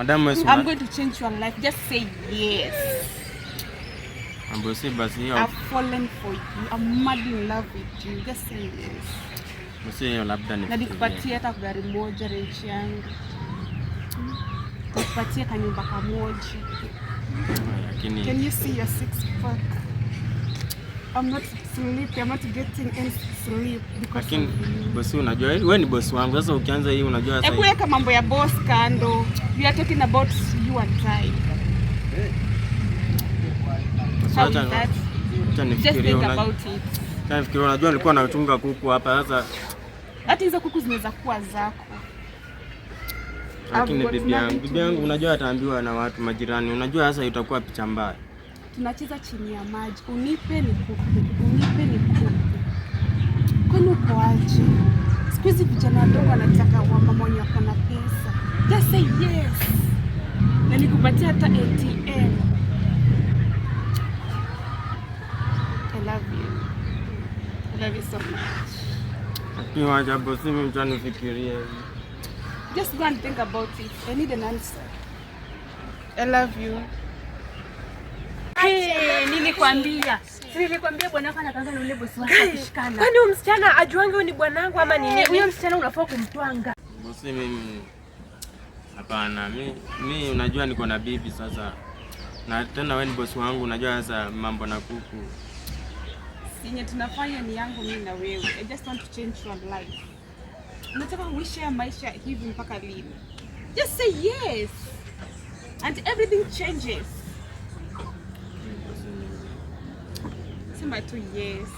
Madam I'm going to change your life. Just say yes. I've fallen for you. I'm mad in love with you. Just say yes. Na nikupatie hata gari moja renchi yangu. Nikupatie kanyumba kamoja. Can you see your six pack? I'm not sleep, I'm not getting any sleep because lakini bosi, unajua wewe ni bosi wangu. Sasa ukianza hii, unajua sasa hebu weka mambo ya boss kando, We are talking about you and just your drive. Nafikiri unajua nilikuwa natunga kuku hapa sasa. Hata hizo kuku zinaweza kuwa zako. Lakini bibi yangu, bibi yangu unajua ataambiwa na watu majirani. Unajua sasa itakuwa picha mbaya. Tunacheza chini ya maji. Unipe nikupe wako aje. Siku hizi vijana wadogo wanataka wamba mwenye wako na pesa. Just say yes. Na nikupatia hata ATM. I love you. I love you so much. Ni wajabu si mtu anifikirie. Just go and think about it. I need an answer. I love you. Hey, nilikwambia Kwani msichana ajuange ni bwanangu ama nini? Huyo msichana unafaa kumtwanga. Bosi, mimi hapana, mi unajua niko na bibi sasa, na tena wewe ni bosi wangu, unajua sasa mambo na kuku tunafanya ni yangu mimi na wewe. I just want to change your life. uishi maisha hivi mpaka lini? Just say yes and everything changes. sema tu yes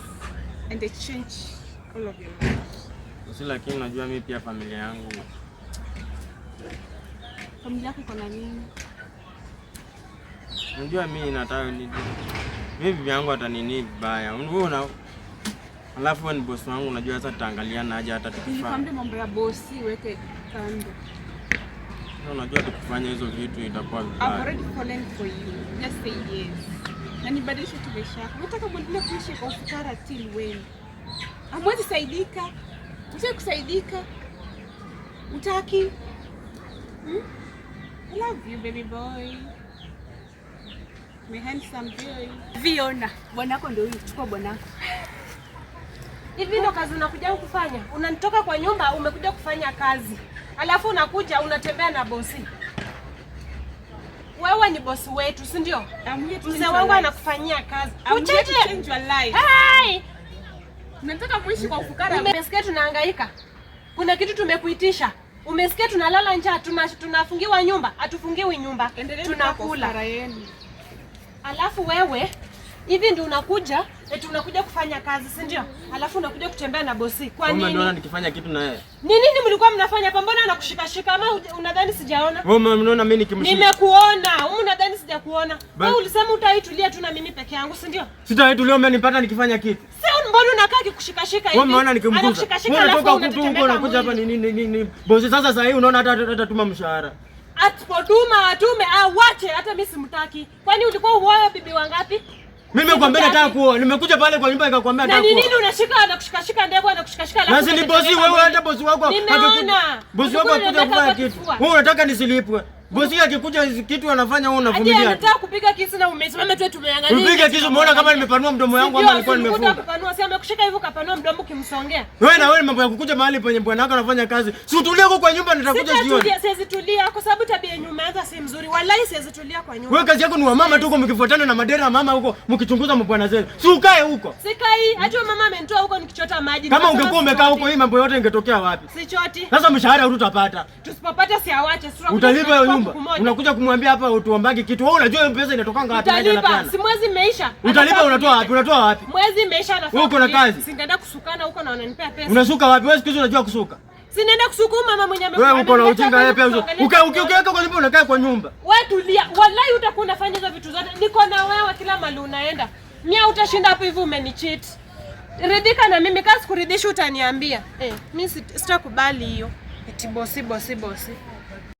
and they change all of your life. Usi, lakini unajua mimi pia familia yangu. Familia yako iko na nini? Unajua mimi nataka ni mimi bibi yangu atanini vibaya. Wewe una Alafu wewe ni boss wangu, unajua sasa tutaangaliana aje hata tukifanya. Nilikwambia mambo ya boss iweke kando. Unajua tukifanya hizo vitu itakuwa vibaya. I'm already calling for you. Just say yes na nibadilishe tu maisha yako. Nataka mwendelee kuishi kwa ufukara till when? Hamwezi saidika, mtaki kusaidika, utaki. Hmm? I love you baby boy. My handsome boy. Viona, bwanako ndio huyu, chukua bwanako. Hivi ndo kazi unakuja kufanya? Unanitoka kwa nyumba umekuja kufanya kazi, alafu unakuja unatembea na bosi wewe ni bosi wetu, si ndio? Mzee wangu anakufanyia kazi. Umesikia tunahangaika, kuna kitu tumekuitisha. Umesikia tunalala njaa, tunafungiwa nyumba, atufungiwi nyumba, tunakula alafu wewe Hivi ndio unakuja eti unakuja kufanya kazi, si ndio? Alafu unakuja kutembea na bosi. Kwa nini? Unaona nikifanya kitu na yeye. Ni nini mlikuwa mnafanya hapa? Mbona anakushikashika ama unadhani sijaona? Wewe unaona mimi nikimshika. Nimekuona. Wewe unadhani sijakuona? Wewe ulisema utaitulia tu na mimi peke yangu, si ndio? Sitaitulia mimi umenipata nikifanya kitu. Si mbona unakaa kikushikashika hivi? Wewe unaona nikimguza. Anakushika huko alafu unakuja hapa ni nini nini? Bosi sasa sasa hii unaona hata hata tuma mshahara. Atipotuma watume awache hata mimi simtaki. Kwani ulikuwa uoyo bibi wangapi? Mimi nimekwambia nataka kuoa. Nimekuja pale kwa nyumba nikakwambia nataka kuoa. Na nini unashika na kushikashika ndevu na kushikashika alafu. Basi ni bosi wewe hata bosi wako. Nimeona. Bosi wako akuja kwa kitu. Wewe unataka nisilipwe. Bosi akikuja kitu anafanya wewe unavumilia. Hadi anataka kupiga kisu na umesimama tu tumeangalia. Kupiga kisu umeona kama nimepanua mdomo wangu ama nilikuwa nimefunga. Ndio kupanua sema kushika hivyo kapanua mdomo kimsongea. Wewe na wewe mambo ya kukuja mahali penye bwana wako anafanya kazi. Si utulie huko kwa nyumba nitakuja jioni. Sitatulia, siwezi tulia kwa sababu tabia nyuma yako si mzuri. Wallahi siwezi tulia kwa nyumba. Wewe kazi yako ni wa mama tu huko mkifuatana na madera mama huko mkichunguza mbwana zenu. Si ukae huko. Sikai, hadi mama amenitoa huko nikichota maji. Kama ungekuwa umekaa huko hii mambo yote ingetokea wapi? Sichoti. Sasa mshahara utapata. Tusipopata si awache. Utalipa mjomba, unakuja kumwambia hapa utuombage kitu. Wewe unajua hiyo pesa inatokanga wapi? Utalipa, si mwezi imeisha. Utalipa, unatoa wapi? Unatoa wapi? Mwezi imeisha na wewe uko na kazi. Sinaenda kusukana huko na wananipea pesa. Unasuka wapi? Wewe Sikizo unajua kusuka. Sinaenda kusukuma mama mwenye amekuwa. Wewe uko na ujinga wewe pia. Ukiweka ukiweka kwa nyumba unakaa kwa nyumba. Wewe tulia. Wallahi utakuwa unafanya hizo vitu zote. Niko na wewe kila mahali unaenda. Mimi utashinda hapo hivi umenicheat. Ridhika na mimi, kama sikuridhishi utaniambia. Eh, mimi sitakubali hiyo. Eti bosi bosi bosi.